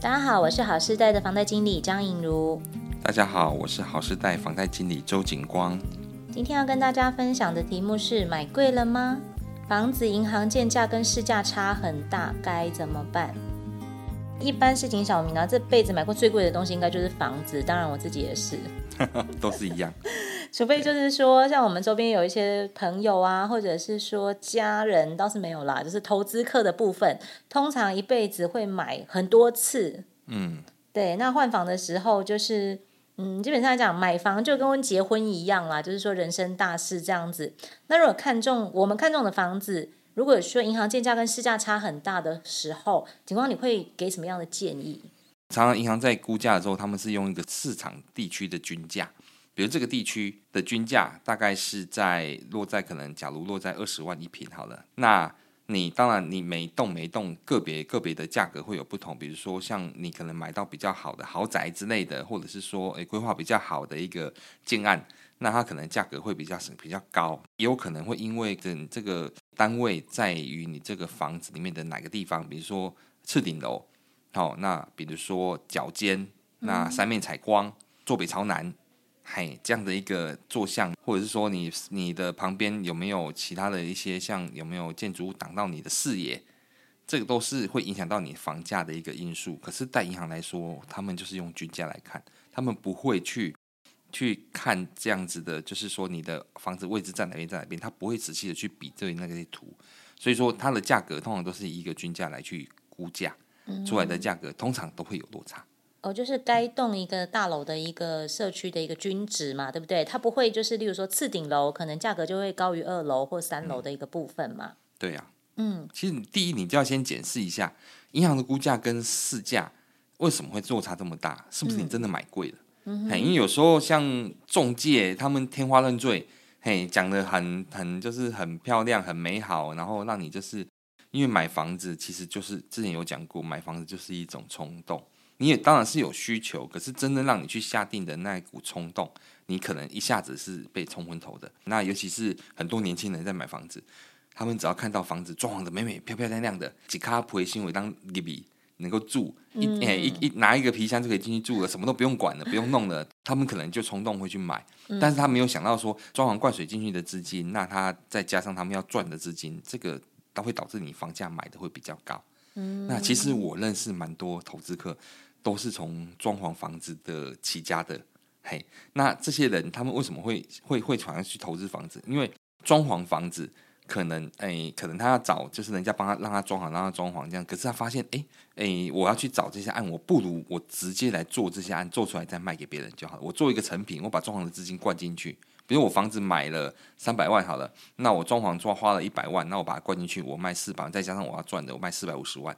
大家好，我是好事貸的房貸經理張穎茹。大家好，我是好事貸房貸經理周景光。今天要跟大家分享的題目是：買貴了嗎？房子銀行鑑價跟市價差很大，該怎麼辦？一般市井小民啊，這輩子買過最貴的東西應該就是房子，當然我自己也是。 都是一樣，除非就是說，對像我們周邊有一些朋友啊，或者是說家人，倒是沒有啦。就是投資客的部分，通常一輩子會買很多次。嗯，對。那換房的時候，就是嗯，基本上來講，買房就跟結婚一樣啦，就是說人生大事這樣子。那如果看中我們看中的房子，如果說銀行鑑價跟市價差很大的時候，警方你會給什麼樣的建議？常常銀行在估價的時候，他們是用一個市場地區的均價，比如這個地區的均價大概是在落在可能，假如落在二十萬一坪好了。那你當然你每棟每棟個別個別的價格會有不同，比如說像你可能買到比較好的豪宅之類的，或者是說誒規劃比較好的一個建案，那它可能價格會比較省，比較高，也有可能會因為整這個單位在於你這個房子裡面的哪個地方，比如說次頂樓。好、哦，那比如說腳尖，那三面採光，坐北朝南，嗯、嘿，這樣的一個坐向，或者是說你你的旁邊有沒有其他的一些像有沒有建築物擋到你的視野，這個都是會影響到你房價的一個因素。可是，在銀行來說，他們就是用均價來看，他們不會去去看這樣子的，就是說你的房子位置在哪邊在哪邊，他不會仔細的去比對那個圖，所以說它的價格通常都是以一個均價來去估價。出來的價格通常都會有落差，嗯、哦，就是該棟一個大樓的一個社區的一個均值嘛，對不對？它不會就是，例如說次頂樓可能價格就會高於二樓或三樓的一個部分嘛。對呀，嗯，啊、嗯，其實第一你就要先檢視一下銀行的估價跟市價為什麼會落差這麼大，是不是你真的買貴了？嗯、嘿，因為有時候像中介他們天花亂墜，嘿講得很、很就是很漂亮很美好，然後讓你就是。因為買房子其實就是之前有講過，買房子就是一種衝動。你也當然是有需求，可是真正讓你去下定的那一股衝動，你可能一下子是被沖昏頭的。那尤其是很多年輕人在買房子，他們只要看到房子裝潢的美美、漂漂亮亮的，幾卡鉑金為當 b 比能夠住，一哎、嗯、一一，一拿一個皮箱就可以進去住了，什麼都不用管了，不用弄了，他們可能就衝動會去買。嗯、但是他沒有想到說，裝潢灌水進去的資金，那他再加上他們要賺的資金，這個。會導致你房價買的會比較高，嗯，那其實我認識蠻多投資客都是從裝潢房子的起家的，嘿、hey，那這些人他們為什麼會會會想要去投資房子？因為裝潢房子。可能誒、欸，可能他要找，就是人家幫他讓他裝潢，讓他裝潢這樣。可是他發現，哎、欸、誒、欸，我要去找這些案，我不如我直接來做這些案，做出來再賣給別人就好。我做一個成品，我把裝潢的資金灌進去。比如我房子買了三百萬好了，那我裝潢裝花了一百萬，那我把它灌進去，我賣四百萬，再加上我要賺的，我賣四百五十萬，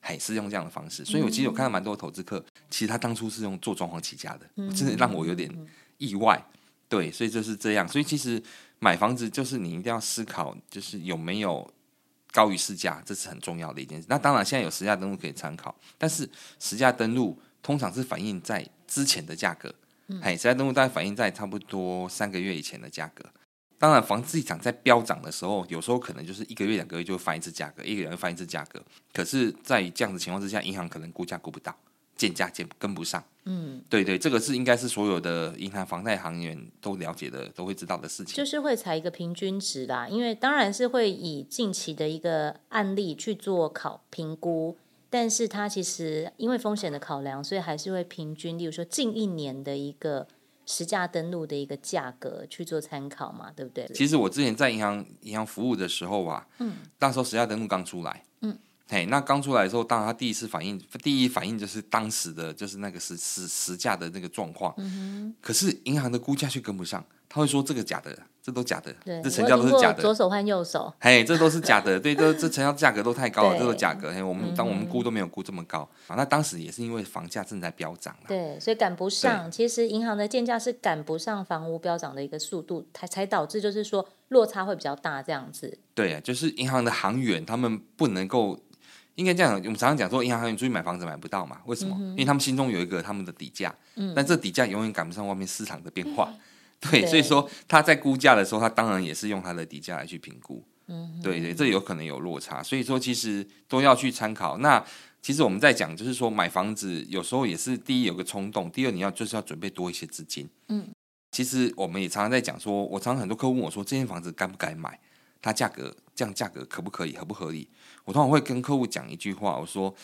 嘿，是用這樣的方式。所以，我其實有看到蠻多投資客，嗯嗯嗯，其實他當初是用做裝潢起家的，真的讓我有點意外。嗯嗯嗯嗯。對，所以就是這樣。所以其實買房子就是你一定要思考，就是有沒有高於市價，這是很重要的一件事。那當然，現在有實價登錄可以參考，但是實價登錄通常是反映在之前的價格，哎、嗯，實價登錄大概反映在差不多三個月以前的價格。當然，房地產在飆漲的時候，有時候可能就是一個月兩個月就翻一次價格，一個、兩個月翻一次價格。可是，在這樣子情況之下，銀行可能估價估不到，鑑價鑑跟不上。嗯，對對，這個是應該是所有的銀行房貸行員都了解的，都會知道的事情。就是會採一個平均值啦，因為當然是會以近期的一個案例去做考評估，但是它其實因為風險的考量，所以還是會平均。例如說，近一年的一個實價登錄的一個價格去做參考嘛，對不對？其實我之前在銀行銀行服務的時候啊，嗯，那時候實價登錄剛出來。哎，那剛出來的時候，當然他第一次反應，第一反應就是當時的就是那個實實實價的那個狀況。嗯、哼可是銀行的估價卻跟不上，他會說這個假的，這都假的，對這成交都是假的。左手換右手，哎，這都是假的， 對，這這成交價格都太高了，對這都是假的。哎，我們當、嗯、哼我們估都沒有估這麼高。啊，那當時也是因為房價正在飆漲了。對，所以趕不上。對其實銀行的鑑價是趕不上房屋飆漲的一個速度，才才導致就是說落差會比較大這樣子。對啊，就是銀行的行員他們不能夠。應該這樣講，我們常常講說，銀行行員出去買房子買不到嘛？為什麼？嗯、哼因為他們心中有一個他們的底價，嗯、但這底價永遠趕不上外面市場的變化，嗯、對，所以說他在估價的時候，他當然也是用他的底價來去評估，嗯哼，對，對對，這有可能有落差，所以說其實都要去參考。那其實我們在講，就是說買房子有時候也是第一有個衝動，第二你要就是要準備多一些資金，嗯，其實我們也常常在講說，我常常很多客戶問我說，這間房子該不該買？它價格這樣價格可不可以？合不合理？我通常會跟客戶講一句話，我說：“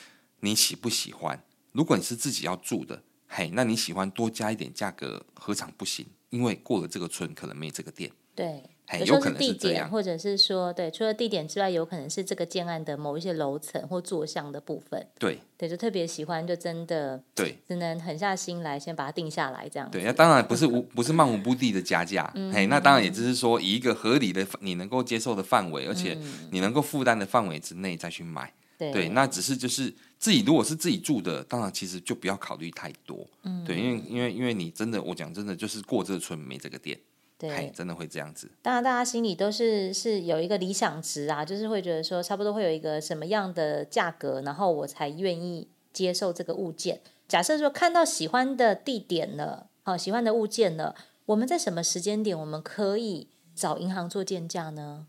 你喜不喜歡？如果你是自己要住的，嘿，那你喜歡多加一點價格，何嘗不行？因為過了這個村，可能沒這個店。”對。Hey, 有，有可能是地點，或者是說，對，除了地點之外，有可能是這個建案的某一些樓層或座向的部分。對，對，就特別喜歡，就真的對，只能狠下心來，對先把它定下來，這樣子。對，那、啊、當然不是無不是漫無目的的加價。嗯，哎，那當然也只是說，以一個合理的你能夠接受的範圍， 而且你能夠負擔的範圍之內再去買。 對，那只是就是自己如果是自己住的，當然其實就不要考慮太多。嗯， 對，因為因為因為你真的，我講真的，就是過這個村沒這個店。對，真的會這樣子。當然，大家心裡都是是有一個理想值啊，就是會覺得說，差不多會有一個什麼樣的價格，然後我才願意接受這個物件。假設說看到喜歡的地點了，好，哦，喜歡的物件了，我們在什麼時間點我們可以找銀行做鑑價呢？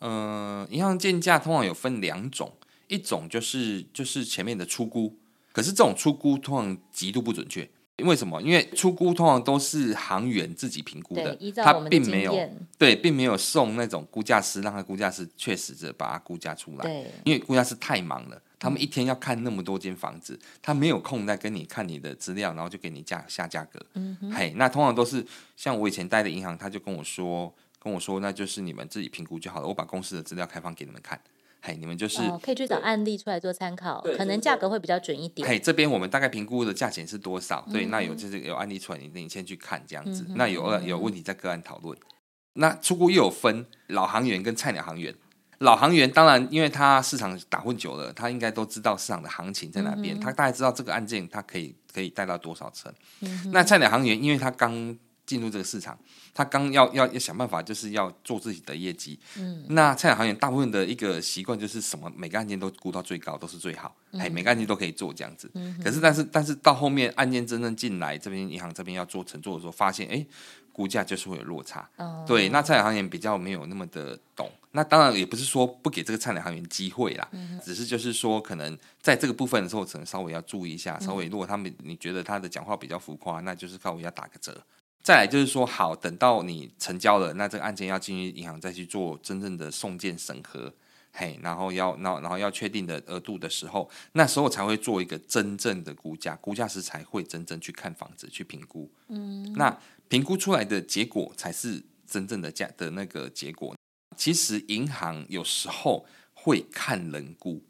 呃，銀行鑑價通常有分兩種，一種就是就是前面的初估，可是這種初估通常極度不準確。為什麼？因為初估通常都是行員自己評估的，的他並沒有對，並沒有送那種估價師讓他估價師確實的把它估價出來。對因為估價師太忙了，他們一天要看那麼多間房子，嗯、他沒有空再跟你看你的資料，然後就給你價下，下價格。嗯嘿哼，hey, 那通常都是像我以前待的銀行，他就跟我說，跟我說，那就是你們自己評估就好了，我把公司的資料開放給你們看。嘿，hey, 你們就是、oh, 可以去找案例出來做參考，對可能價格會比較準一點。嘿，hey, 這邊我們大概評估的價錢是多少？嗯、哼對，那有就是有案例出來，你你先去看這樣子。嗯、哼那有有問題在個案討論。嗯、哼那初步又有分老行員跟菜鳥行員。老行員當然因為他市場打混久了，他應該都知道市場的行情在哪邊。嗯、哼他大概知道這個案件他可以可以帶到多少成。嗯、哼那菜鳥行員，因為他剛。進入這個市場，他剛要要要想辦法，就是要做自己的業績。嗯，那菜鳥行員大部分的一個習慣就是什麼？每個案件都估到最高，都是最好，哎、嗯哼，每個案件都可以做這樣子。嗯哼，可是但是但是到後面案件真正進來，這邊銀行這邊要做承做的時候，發現哎，估、欸、價就是會有落差。哦，對，那菜鳥行員比較沒有那麼的懂。那當然也不是說不給這個菜鳥行員機會啦，嗯、哼只是就是說可能在這個部分的時候，可能稍微要注意一下。稍微如果他們你覺得他的講話比較浮誇，那就是稍微要打個折。再來就是說，好，等到你成交了，那這個案件要進去銀行再去做真正的送件審核，嘿，然後要，那然，然後要確定的額度的時候，那時候才會做一個真正的估價，估價時才會真正去看房子去評估，嗯，那評估出來的結果才是真正的價的那個結果。其實銀行有時候會看人估，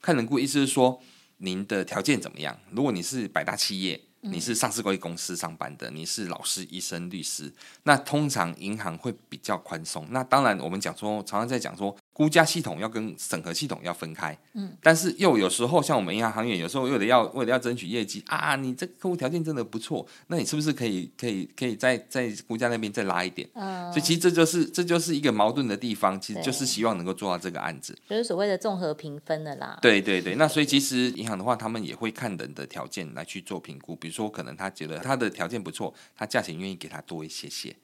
看人估意思是說您的條件怎麼樣？如果你是百大企業。你是上市櫃公司上班的，你是老師、醫生、律師，那通常銀行會比較寬鬆。那當然，我們講說，常常在講說。估價系統要跟審核系統要分開，嗯，但是又有時候像我們銀行行員，有時候又得要為了要爭取業績啊，你這個客戶條件真的不錯，那你是不是可以可以可以在在估價那邊再拉一點？嗯、呃，所以其實這就是這就是一個矛盾的地方，其實就是希望能夠做到這個案子，就是所謂的綜合評分的啦。對對對，對對對，那所以其實銀行的話，他們也會看人的條件來去做評估，比如說可能他覺得他的條件不錯，他價錢願意給他多一些些。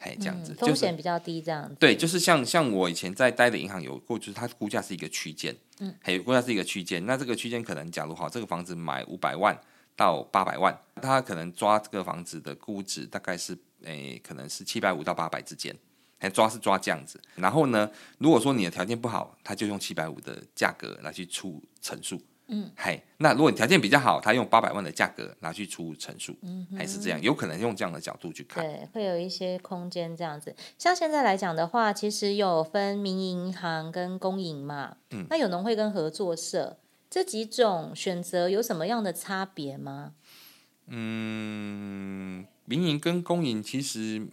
哎，這樣子，嗯、風險比較低，這樣子、就是。對，就是像像我以前在待的銀行有過，就是它估價是一個區間，嗯，還有估價是一個區間。那這個區間可能，假如哈，這個房子買五百萬到八百萬，它可能抓這個房子的估值大概是，哎、欸，可能是七百五到八百之間，哎，抓是抓這樣子。然後呢，如果說你的條件不好，它就用七百五的價格來去出成數。嗯，嗨，hey, 那如果你條件比較好，他用八百萬的價格拿去出成數，嗯哼，還是這樣，有可能用這樣的角度去看，對，會有一些空間這樣子。像現在來講的話，其實有分民營銀行跟公營嘛，嗯，那有農會跟合作社這幾種選擇，有什麼樣的差別嗎？嗯，民營跟公營其實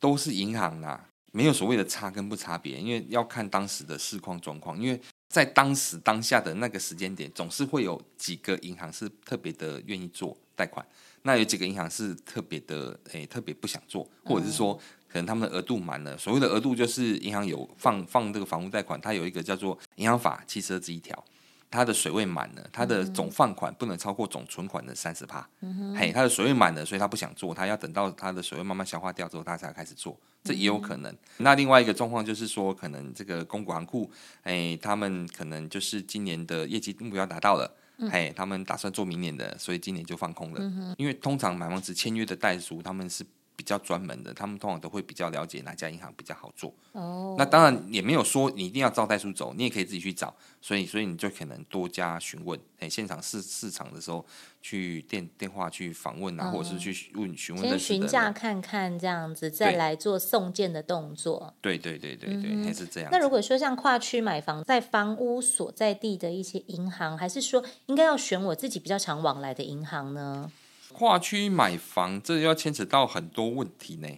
都是銀行啦，沒有所謂的差跟不差別，因為要看當時的市況狀況，因為。在當時當下的那個時間點，總是會有幾個銀行是特別的願意做貸款，那有幾個銀行是特別的，誒、欸，特別不想做，或者是說，可能他們的額度滿了。所謂的額度，就是銀行有放放這個房屋貸款，它有一個叫做《銀行法》七二之一條。它的水位滿了，它的總放款不能超過總存款的三十趴。嗯、哼嘿，它的水位滿了，所以他不想做，他要等到它的水位慢慢消化掉之後，他才要開始做，這也有可能。嗯、哼那另外一個狀況就是說，可能這個公股行庫，哎、欸，他們可能就是今年的業績目標達到了，嗯、嘿，他們打算做明年的，所以今年就放空了。嗯、哼因為通常買房子簽約的代書，他們是，比較專門的，他們通常都會比較了解哪家銀行比較好做。哦，oh. 那當然也沒有說你一定要找代書走，你也可以自己去找。所以，所以你就可能多加詢問，哎，現場市市場的時候去電電話去訪問、啊，嗯、或者是去問詢問的，先詢價看看這樣子，再來做送件的動作。對，對對對對對，應該、嗯、是這樣。那如果說像跨區買房，在房屋所在地的一些銀行，還是說應該要選我自己比較常往來的銀行呢？跨區買房，這要牽扯到很多問題呢。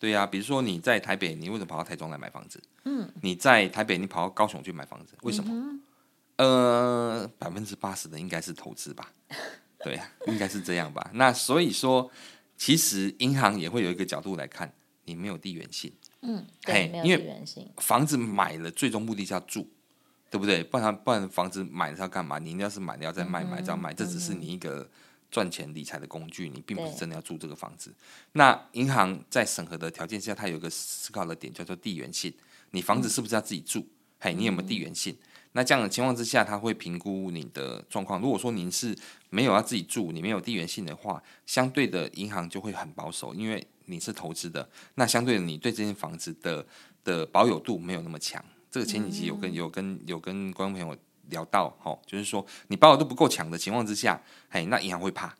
對呀、啊，比如說你在台北，你為什麼跑到台中來買房子？嗯，你在台北，你跑到高雄去買房子，為什麼？嗯、哼呃，百分之八十的應該是投資吧。 對呀，應該是這樣吧。那所以說，其實銀行也會有一個角度來看，你沒有地緣性。嗯，對，欸、沒有地緣性。房子買了，最終目的是要住，對不對？不然不然，房子買了是要幹嘛？你要是買了，要再賣，嗯嗯嗯再買再賣，這只是你一個。賺錢理財的工具，你並不是真的要住這個房子。對那銀行在審核的條件下，它有個思考的點叫做地緣性。你房子是不是要自己住？嗯、嘿，你有沒有地緣性？嗯、那這樣的情況之下，他會評估你的狀況。如果說您是沒有要自己住，你沒有地緣性的話，相對的銀行就會很保守，因為你是投資的。那相對的，你對這間房子的的保有度沒有那麼強。這個前幾期有跟有跟有跟觀眾朋友。聊到哦，就是說你保有度不夠強的情況之下，嘿，那銀行會怕，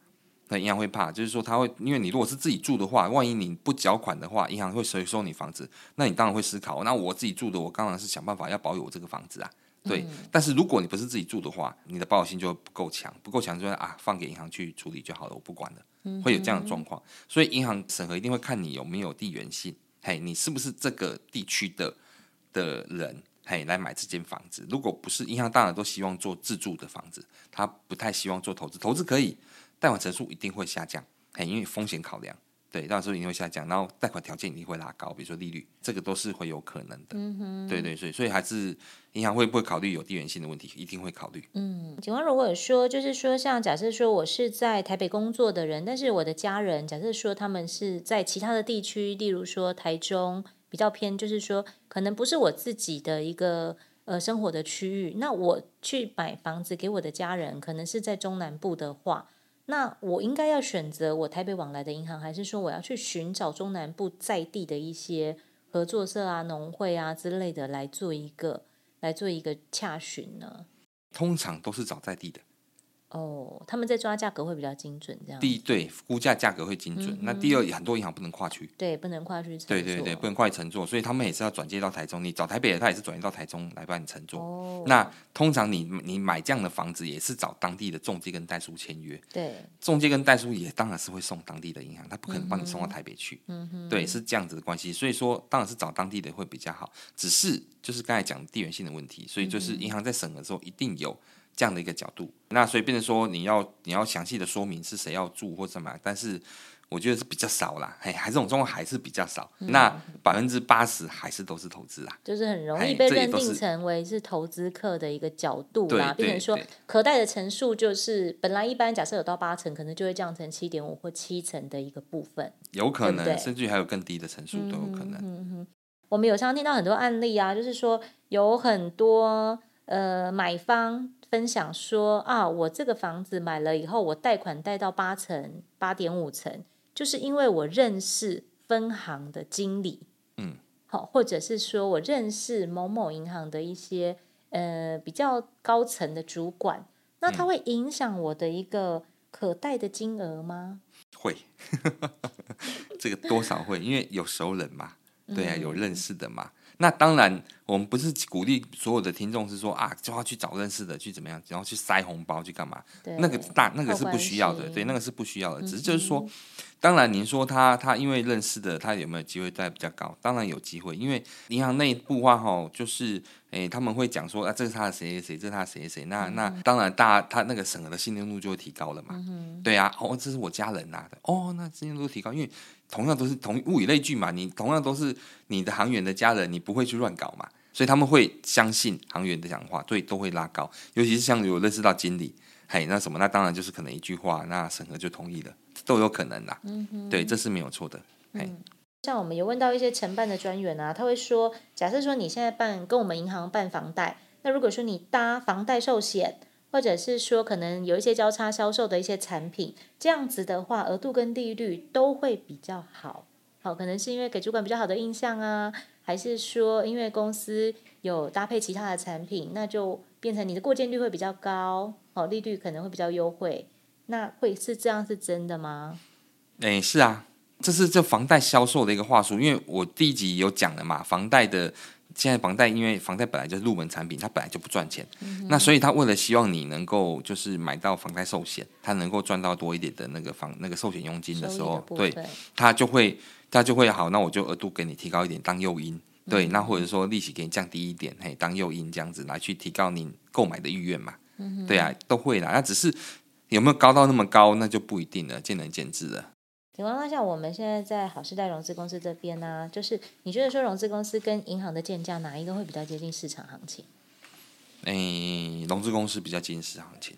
那銀行會怕，就是說他會，因為你如果是自己住的話，萬一你不繳款的話，銀行會收收你房子，那你當然會思考，那我自己住的，我當然是想辦法要保有我這個房子啊，對。嗯、但是如果你不是自己住的話，你的保有性就會不夠強，不夠強就會啊，放給銀行去處理就好了，我不管了，會有這樣的狀況。嗯嗯，所以銀行審核一定會看你有沒有地緣性，嘿，你是不是這個地區的的人？嘿，來買這間房子。如果不是銀行，當然都希望做自住的房子，他不太希望做投資。投資可以，貸款成數一定會下降。嘿，因為風險考量，對，到時候一定會下降。然後貸款條件一定會拉高，比如說利率，這個都是會有可能的。嗯哼。對，對對，所以所以還是銀行會不會考慮有地緣性的問題？一定會考慮。嗯，請問如果說就是說，像假設說我是在台北工作的人，但是我的家人假設說他們是在其他的地區，例如說台中。比較偏，就是說，可能不是我自己的一個呃生活的區域。那我去買房子給我的家人，可能是在中南部的話，那我應該要選擇我台北往來的銀行，還是說我要去尋找中南部在地的一些合作社啊、農會啊之類的來做一個來做一個洽詢呢？通常都是找在地的。哦，oh, 他們在抓價格會比較精準，這樣。第一，對估價價格會精準。嗯、哼那第二，很多銀行不能跨區。對，不能跨區承做。對對對，不能跨區承做。所以他們也是要轉接到台中。你找台北的，他也是轉接到台中來幫你承做。哦、那通常你你買這樣的房子，也是找當地的中介跟代書簽約。對。中介跟代書也當然是會送當地的銀行，他不可能幫你送到台北去。嗯哼。對，是這樣子的關係，所以說當然是找當地的會比較好。只是就是剛才講地緣性的問題，所以就是銀行在審核的時候一定有、嗯哼。這樣的一個角度，那所以變成說你，你要你要詳細的說明是誰要住或什麼，但是我覺得是比較少啦，哎，還是這種狀況還是比較少。嗯嗯，那百分之八十還是都是投資啦、啊，就是很容易被認定成為是投資客的一個角度啦。變成說，可貸的成數就是本來一般假設有到八成，可能就會降成七點五或七成的一個部分，有可能，對對，甚至還有更低的成數都有可能。嗯哼、嗯嗯嗯，我們有常聽到很多案例啊，就是說有很多呃買方。分享說啊，我這個房子買了以後，我貸款貸到八成，八點五成，就是因為我認識分行的經理，嗯，好，或者是說我認識某某銀行的一些呃比較高層的主管，那他會影響我的一個可貸的金額嗎？嗯，會， 這個多少會，因為有熟人嘛，嗯，對呀，啊，有認識的嘛。那當然，我們不是鼓勵所有的聽眾是說啊，就要去找認識的去怎麼樣，然後去塞紅包去幹嘛？對那個大那個是不需要的，係對，那個是不需要的。嗯、哼只是就是說，當然，您說他他因為認識的，他有沒有機會再比較高？當然有機會，因為銀行內部話吼，就是哎，他們會講說啊，這是他的誰誰誰，這是他的誰誰，那、嗯、哼那當然大他，他那個審核的信任度就會提高了嘛。嗯、哼對啊，哦，這是我家人吶、啊，哦，那信任度提高，因為。同樣都是同物以類聚嘛，你同樣都是你的行員的家人，你不會去亂搞嘛，所以他們會相信行員的講話，所以都會拉高。尤其是像有認識到經理，嘿，那什麼，那當然就是可能一句話，那審核就同意了，都有可能啦。嗯哼對，這是沒有錯的。嗯、嘿像我們有問到一些承辦的專員啊，他會說，假設說你現在辦跟我們銀行辦房貸，那如果說你搭房貸壽險。或者是說，可能有一些交叉銷售的一些產品，這樣子的話，額度跟利率都會比較好。好、哦，可能是因為給主管比較好的印象啊，還是說因為公司有搭配其他的產品，那就變成你的過件率會比較高，好、哦，利率可能會比較優惠。那會是這樣是真的嗎？哎、欸，是啊。這是這房貸銷售的一個話術，因為我第一集有講了嘛，房貸的現在房貸，因為房貸本來就是入門產品，它本來就不賺錢，嗯、哼那所以他為了希望你能夠就是買到房貸壽險，他能夠賺到多一點的那個房那個壽險佣金的時候，對，他就會他就會好，那我就額度給你提高一點當誘因，對，嗯、那或者說利息給你降低一點，嘿，當誘因這樣子來去提高你購買的意願嘛，嗯、哼對呀、啊，都會啦，那只是有沒有高到那麼高，那就不一定了，見仁見智了。情況當下，我們現在在好事貸融資公司這邊呢、啊，就是你覺得說融資公司跟銀行的鑑價哪一個會比較接近市場行情？誒，融資公司比較接近市場行情，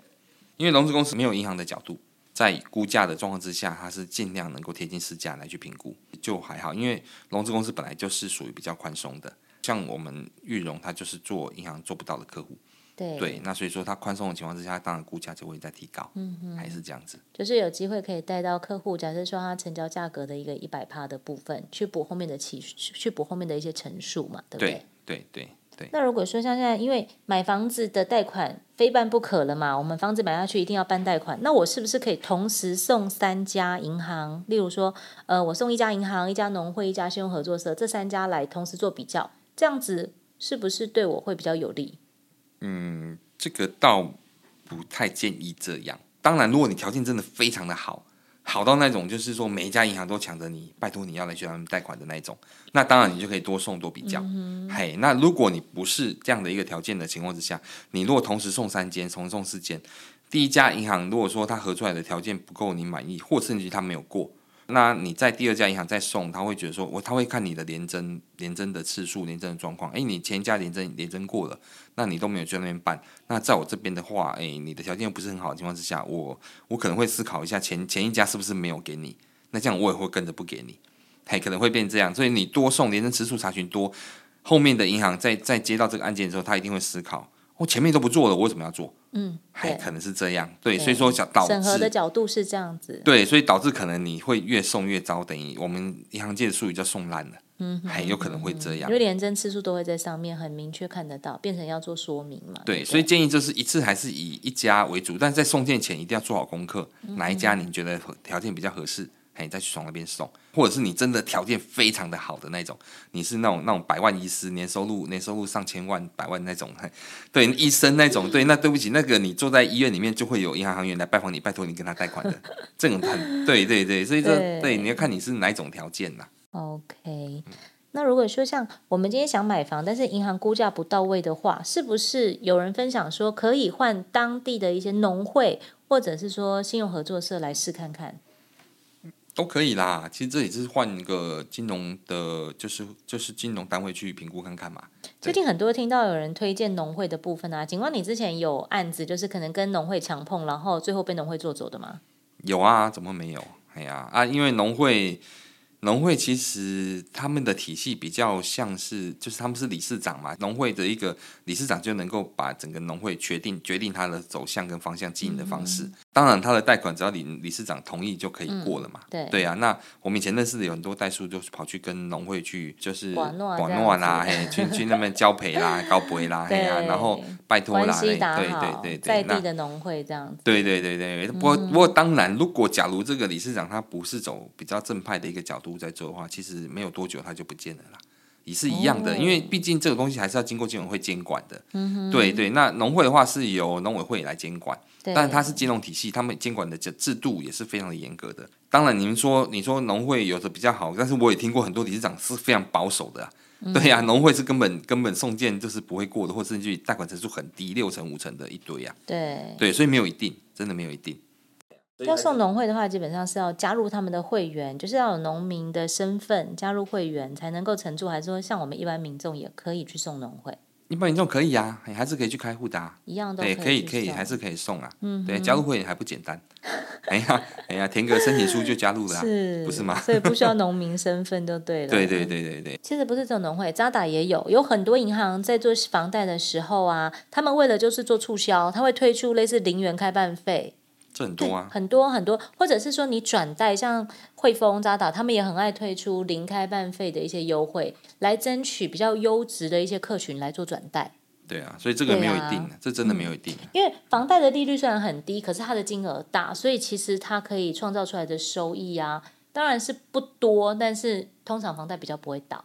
因為融資公司沒有銀行的角度，在估價的狀況之下，它是盡量能夠貼近市價來去評估，就還好，因為融資公司本來就是屬於比較寬鬆的，像我們玉融它就是做銀行做不到的客戶。對，對，那所以說它寬鬆的情況之下，當然估價就會再提高，嗯哼還是這樣子。就是有機會可以帶到客戶，假設說它成交價格的一個一百趴的部分，去補後面的期，去補後面的一些成數嘛，對不對？對對對對。對對對，那如果說像現在，因為買房子的貸款非辦不可了嘛，我們房子買下去一定要辦貸款，那我是不是可以同時送三家銀行，例如說，呃，我送一家銀行、一家農會、一家信用合作社這三家來同時做比較，這樣子是不是對我會比較有利？嗯，這個倒不太建議這樣。當然，如果你條件真的非常的好，好到那種就是說每一家銀行都搶着你，拜託你要來去他們貸款的那一種，那當然你就可以多送多比較。嘿、嗯哼，hey, 那如果你不是這樣的一個條件的情況之下，你如果同時送三間，同時送四間，第一家銀行如果說他合出來的條件不夠你滿意，或甚至於他沒有過。那你在第二家銀行再送，他會覺得說，我他會看你的聯徵、聯徵的次數、聯徵的狀況。誒，你前一家聯徵、聯徵過了，那你都沒有去那邊辦。那在我這邊的話，誒，你的條件又不是很好的情況之下，我我可能會思考一下前前一家是不是沒有給你？那這樣我也會跟着不給你，嘿，可能會變這樣。所以你多送聯徵次數查詢多，後面的銀行在在接到這個案件的時候，他一定會思考。我前面都不做了，我為什麼要做？嗯，還可能是這樣，對，對，所以說講到審核的角度是這樣子，對，所以導致可能你會越送越糟，等於我們銀行界的術語叫送爛了，嗯哼，還有可能會這樣，嗯、因為連徵信次數都會在上面很明確看得到，變成要做說明嘛，對，對，所以建議就是一次還是以一家為主，但是在送件前一定要做好功課，哪一家你覺得條件比較合適？哎，再、hey, 去從那邊送，或者是你真的條件非常的好的那種，你是那種那種百萬醫師，年收入年收入上千萬、百萬那種， 對醫生那種，對，那對不起，那個你坐在醫院裡面，就會有銀行行員來拜訪你，拜托你跟他貸款的這種， 對對對，所以說對，對你要看你是哪一種條件吶、啊。OK，、嗯、那如果說像我們今天想買房，但是銀行估價不到位的話，是不是有人分享說可以換當地的一些農會，或者是說信用合作社來試看看？都可以啦，其實這也是換一個金融的，就是就是金融單位去評估看看嘛。最近很多聽到有人推薦農會的部分啊，請問你之前有案子就是可能跟農會強碰，然後最後被農會做走的嗎？有啊，怎麼沒有？哎呀啊，因為農會。農會其實他們的體系比較像是，就是他們是理事長嘛，農會的一個理事長就能夠把整個農會決定決定他的走向跟方向經營的方式。嗯、當然，他的貸款只要理理事長同意就可以過了嘛。嗯、對對啊，那我們以前認識的有很多代書就跑去跟農會去，就是廣亂暗啦，嘿樣， 去去那邊交陪啦、 高博啦，黑啊，然後拜託啦，對對對對對，那在地的農會這樣。對對對對，嗯、不過不過當然，如果假如這個理事長他不是走比較正派的一個角度在做的話，其實沒有多久它就不見了啦，也是一樣的，哦、因為畢竟這個東西還是要經過金融會監管的。嗯哼對對，那農會的話是由農委會來監管，對但它是金融體系，他們監管的制制度也是非常的嚴格的。當然，你們說對你說農會有的比較好，但是我也聽過很多理事長是非常保守的、啊嗯、哼對呀、啊，農會是根本根本送件就是不會過的，或者甚至貸款成數很低，六成五成的一堆呀、啊。對。對，所以沒有一定，真的沒有一定。要送農會的話，基本上是要加入他們的會員，就是要有農民的身份加入會員才能夠承作。還是說，像我們一般民眾也可以去送農會？一般民眾可以啊，還是可以去開戶的、啊，一樣都對、欸，可以可以，還是可以送啊。嗯哼，對，加入會員還不簡單。哎呀 哎呀，填個申請書就加入了、啊，是不是嗎？所以不需要農民身份就對了。 對，對對對對對，其實不是這種農會，渣打也有，有很多銀行在做房貸的時候啊，他們為了就是做促銷，他會推出類似零元開辦費。這很多啊，很多很多，或者是說你轉貸，像匯豐、渣打，他們也很愛推出零開辦費的一些優惠，來爭取比較優質的一些客群來做轉貸。對啊，所以這個沒有一定的，啊，這真的沒有一定。嗯。因為房貸的利率雖然很低，可是它的金額大，所以其實它可以創造出來的收益啊，當然是不多，但是通常房貸比較不會倒。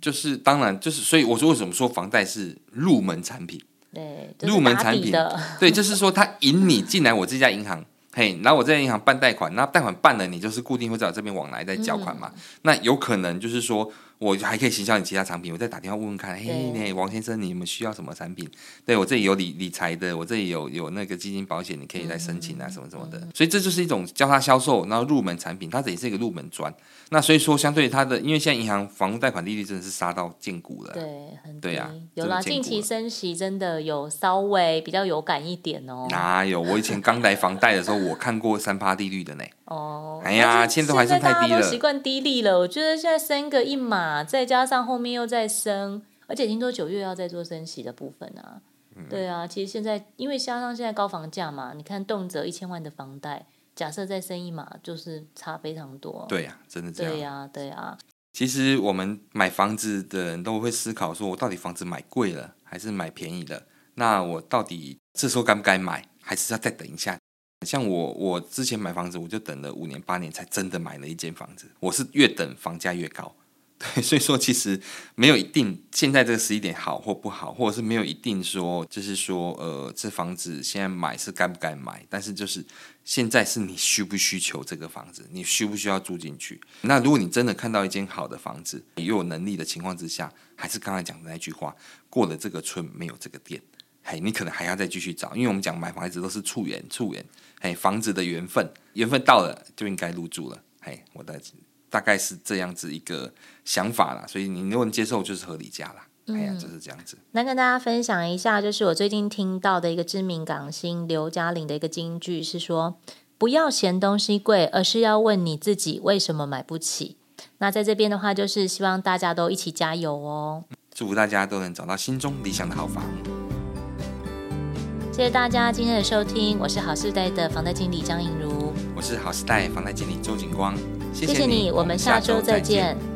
就是當然，就是所以我說為什麼說房貸是入門產品。對，就是、入門產品， 對，就是說他引你進來我這家銀行， 嘿，然後我這家銀行辦貸款，那貸款辦了，你就是固定會在這邊往來再繳款嘛，嗯、那有可能就是說。我還可以行銷你其他產品，我再打電話問問看。對嘿，王先生，你們需要什麼產品？對，我這裡有理理財的，我這裡有有那個基金保險，你可以來申請啊，嗯、什麼什麼的。所以這就是一種交叉銷售，然後入門產品，它這也是一個入門磚。那所以說，相對它的，對因為現在銀行房屋貸款利率真的是殺到見骨了。對，很對啊，有啦，了近期升息真的有稍微比較有感一點哦。哪、啊、有？我以前剛來房貸的時候， 我看過三趴利率的呢。哦，oh, 哎呀，是現在大家都習慣低利了。哎、了我覺得現在升個一碼，再加上後面又再升，而且聽說九月要再做升息的部分啊。嗯、對啊，其實現在因為加上現在高房價嘛，你看動輒一千萬的房貸，假設再升一碼，就是差非常多。對啊，真的這樣。對啊，對啊。其實我們買房子的人都會思考：說我到底房子買貴了還是買便宜了？那我到底這時候該不該買，還是要再等一下？像我，我之前買房子，我就等了五年八年，才真的買了一間房子。我是越等房價越高，對，所以說其實沒有一定，現在這個時點好或不好，或者是沒有一定說，就是說，呃，這房子現在買是該不該買？但是就是現在是你需不需求這個房子，你需不需要住進去？那如果你真的看到一間好的房子，你又有能力的情況之下，還是剛才講的那句話，過了這個村沒有這個店。嘿，你可能還要再繼續找，因為我們講買房一直都是促緣，促緣。嘿，房子的緣分，緣分到了就應該入住了。嘿，我的大概是這樣子一個想法啦，所以你如果能接受，就是合理價啦。嗯、哎呀，就是這樣子。那跟大家分享一下，就是我最近聽到的一個知名港星劉嘉玲的一個金句是說：不要嫌東西貴，而是要問你自己為什麼買不起。那在這邊的話，就是希望大家都一起加油哦，祝福大家都能找到心中理想的好房。謝謝大家今天的收聽，我是好事貸的房貸經理張穎茹，我是好事貸房貸經理周景光。謝謝你，我們下周再見。